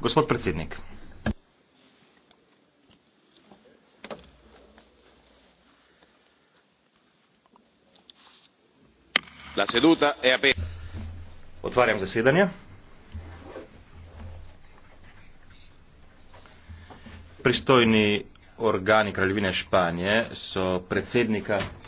gospod predsednik odprtje zasedanja pristojni organi kraljevine španije so predsednika